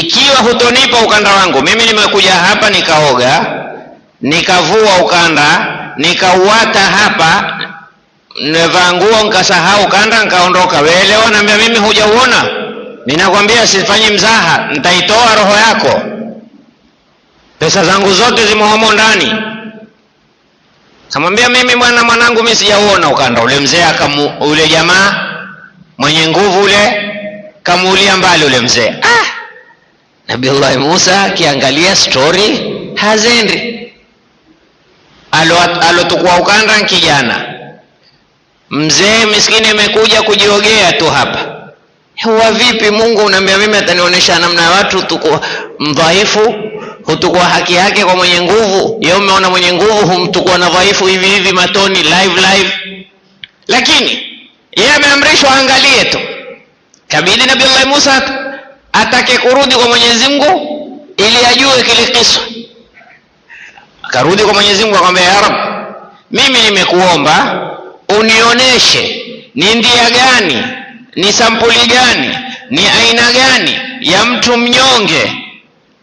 ikiwa hutonipa ukanda wangu, mimi nimekuja hapa nikaoga, nikavua ukanda, nikauata hapa, nevaa nguo, nkasahau ukanda, nkaondoka wewe leo naambia mimi hujauona? Ninakwambia sifanyi mzaha, nitaitoa roho yako, pesa zangu zote zimehomo ndani. Kamwambia mimi bwana, mwanangu mi sijauona ukanda ule. Mzee akamu ule jamaa mwenye nguvu ule kamuulia mbali ule mzee ah! nabillahi Musa akiangalia stori hazendi, alotukua ukanda kijana mzee miskini amekuja kujiogea tu hapa. Huwa vipi? Mungu unaambia mimi atanionyesha namna ya watu tukua mdhaifu hutukua haki yake kwa mwenye nguvu. Yeye umeona mwenye nguvu humtukua na dhaifu hivi hivi, matoni live live, lakini yeye ameamrishwa angalie tu, kabili Nabii Allah Musa atake kurudi kwa Mwenyezi Mungu ili ajue kile kisa. Akarudi kwa Mwenyezi Mungu akamwambia, ya Rabb, mimi nimekuomba unionyeshe ni ndia gani, ni sampuli gani, ni aina gani ya mtu mnyonge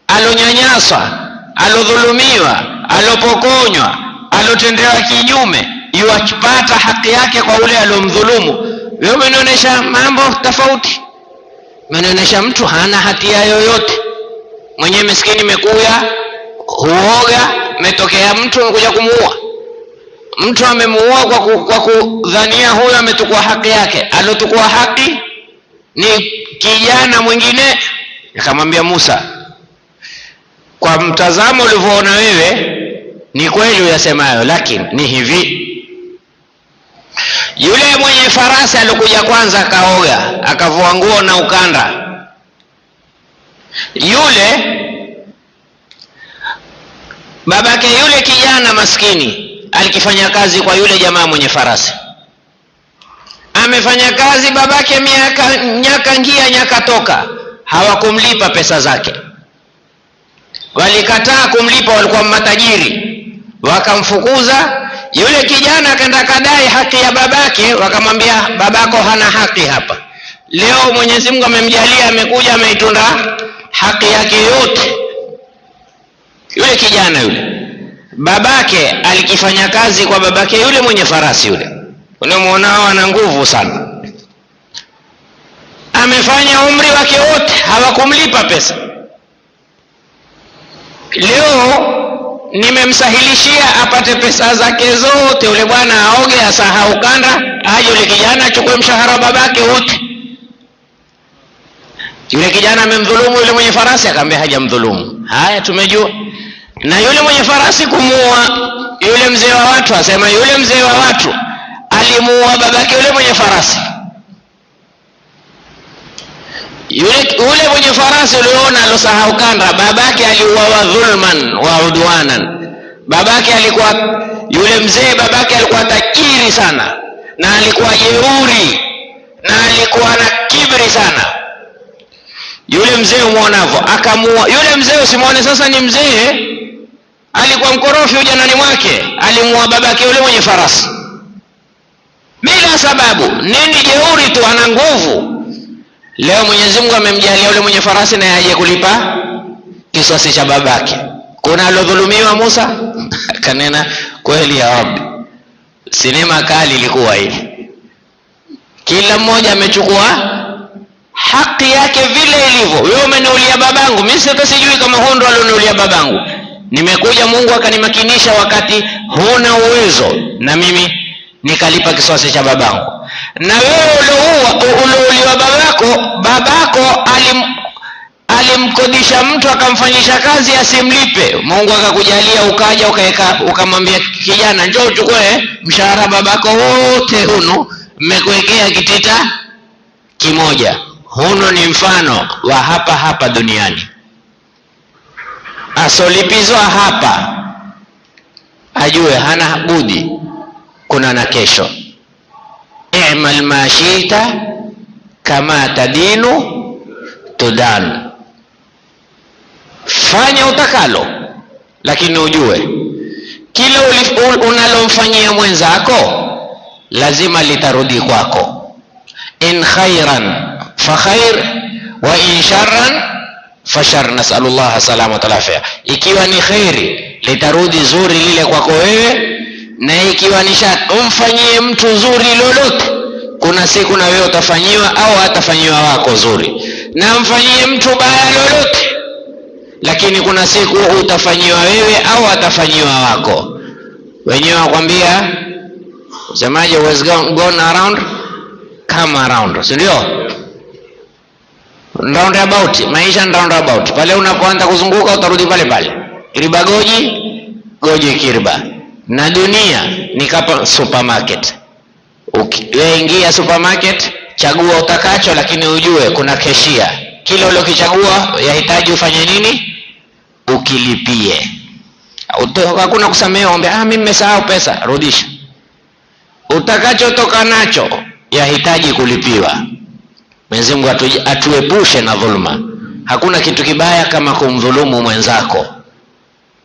alonyanyaswa, alodhulumiwa, alopokonywa, alotendewa kinyume, yuwapata haki yake kwa ule alomdhulumu. Wewe umenionyesha mambo tofauti Manaonesha mtu hana hatia yoyote, mwenyewe miskini mekuya huoga, metokea mtu amekuja kumuua mtu amemuua kwa, ku, kwa kudhania huyo ametukua haki yake. alotukua haki ni kijana mwingine. Akamwambia Musa, kwa mtazamo ulivyoona wewe ni kweli uyasemayo, lakini ni hivi yule mwenye farasi alikuja kwanza, akaoga, akavua nguo na ukanda. Yule babake yule kijana maskini alikifanya kazi kwa yule jamaa mwenye farasi, amefanya kazi babake miaka nyaka ngia nyaka toka, hawakumlipa pesa zake, walikataa kumlipa, walikuwa matajiri, wakamfukuza yule kijana akaenda kadai haki ya babake, wakamwambia babako hana haki hapa. Leo Mwenyezi Mungu amemjalia, amekuja ameitunda haki yake yote. Yule kijana yule babake alikifanya kazi kwa babake yule mwenye farasi yule, unamwonao ana nguvu sana, amefanya umri wake wote, hawakumlipa pesa. Leo nimemsahilishia apate pesa zake zote, ule bwana aoge, asahau kanda, aje ule kijana achukue mshahara wa babake wote. Yule kijana amemdhulumu yule mwenye farasi, haja hajamdhulumu. Haya, tumejua. Na yule mwenye farasi kumuua yule mzee wa watu, asema yule mzee wa watu alimuua babake yule mwenye farasi yule ule mwenye farasi uliona alosahau kanda, babake aliuawa dhulman wa udwanan. Babake alikuwa yule mzee, babake alikuwa tajiri sana na alikuwa jeuri na alikuwa na kibri sana. Yule mzee umwonavyo akamua yule mzee, usimwone sasa ni mzee, alikuwa mkorofi ujanani mwake, alimua babake yule mwenye farasi bila sababu, nini jeuri tu Leo Mwenyezi Mungu amemjalia yule mwenye farasi naye aje kulipa kisasi cha babake. Kuna alodhulumiwa Musa kanena kweli ya Rabbi. Sinema kali ilikuwa hivi, kila mmoja amechukua haki yake vile ilivyo. Wewe umeniulia babangu, mimi sasa sijui kama huo ndo alioniulia babangu. Nimekuja Mungu akanimakinisha wakati huna uwezo, na mimi nikalipa kisasi cha babangu na wewe ulouliwa babako babako alim alimkodisha mtu akamfanyisha kazi asimlipe, Mungu akakujalia ukaja ukaeka, ukamwambia kijana, njoo uchukue eh, mshahara babako wote, huno mmekuwekea kitita kimoja. Huno ni mfano wa hapa hapa duniani, asolipizwa hapa ajue hana budi kuna na kesho i'mal ma shi'ta kama tadinu tudan, fanya utakalo, lakini ujue kila unalomfanyia mwenzako lazima litarudi kwako. in khairan fa khair wa in sharran fa shar, nasalullah salamata wal afya. Ikiwa ni khairi litarudi zuri lile kwako wewe na ikiwa ni shati umfanyie mtu zuri lolote, kuna siku na wewe utafanyiwa au hatafanyiwa wako zuri, na umfanyie mtu baya lolote, lakini kuna siku utafanyiwa wewe au atafanyiwa wako. Wenyewe wakwambia usemaje was gone around come around, si ndio? Round about maisha ni round about, pale unapoanza kuzunguka utarudi pale pale, kiriba goji goji kiriba na dunia ni kama supermarket. Ukiingia supermarket, chagua utakacho, lakini ujue kuna keshia. Kile uliokichagua yahitaji ufanye nini? Ukilipie. Hakuna kusamehe, ombe ah, mimi nimesahau pesa, rudisha. Utakachotoka nacho yahitaji kulipiwa. Mwenyezi Mungu atu, atuepushe na dhulma. Hakuna kitu kibaya kama kumdhulumu mwenzako.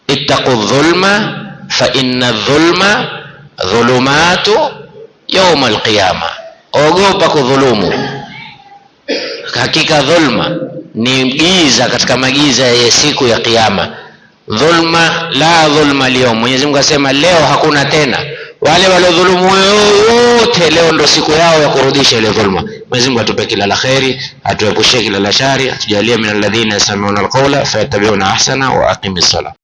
ittaqu dhulma fa inna dhulma dhulumatu yawm alqiyama, ogopa kudhulumu, hakika dhulma ni giza katika magiza ya siku ya Kiyama. Dhulma la dhulma leo, Mwenyezi Mungu asema leo hakuna tena wale waliodhulumu wote, leo ndo siku yao ya kurudisha ile dhulma. Mwenyezi Mungu atupe kila la kheri, atuepushe kila la shari, atujalie min alladhina yastami'una alqawla fayattabi'una ahsana wa aqimis sala.